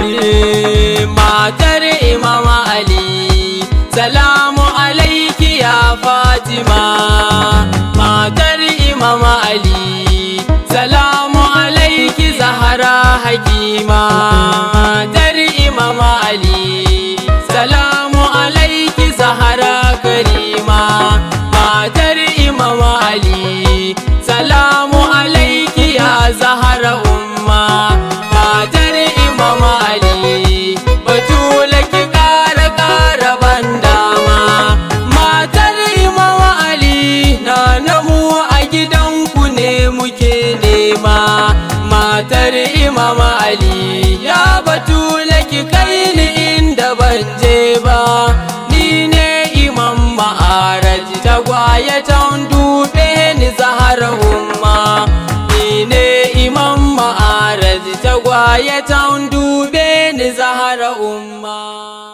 Ali matar Imam Ali salamu alaiki ya Fatima matar Imam Ali salamu alaiki Zahra Hakima ma matar imam ali ya batu ki kai ni inda ban je ba ni ne imam ta ma'araj ta dube ni zahar umma ni ne imam ta ma'araj ta dube ni zahara umma